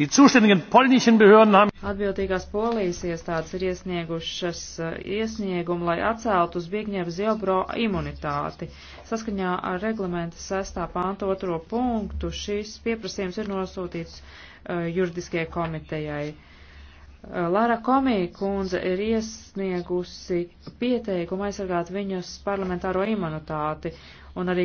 Die zuständigen polnischen Behörden haben Atbildīgās polijas iestādes ir iesniegušas eh, iesniegumu, lai atceltu uz Biegņeva Ziobro imunitāti. Saskaņā ar reglamenta 6. pānta 2. punktu šīs pieprasījums ir nosūtīts uh, juridiskajai komitejai. Eh, Lara Komija kundze ir iesniegusi pieteikumu aizsargāt viņas parlamentāro imunitāti un arī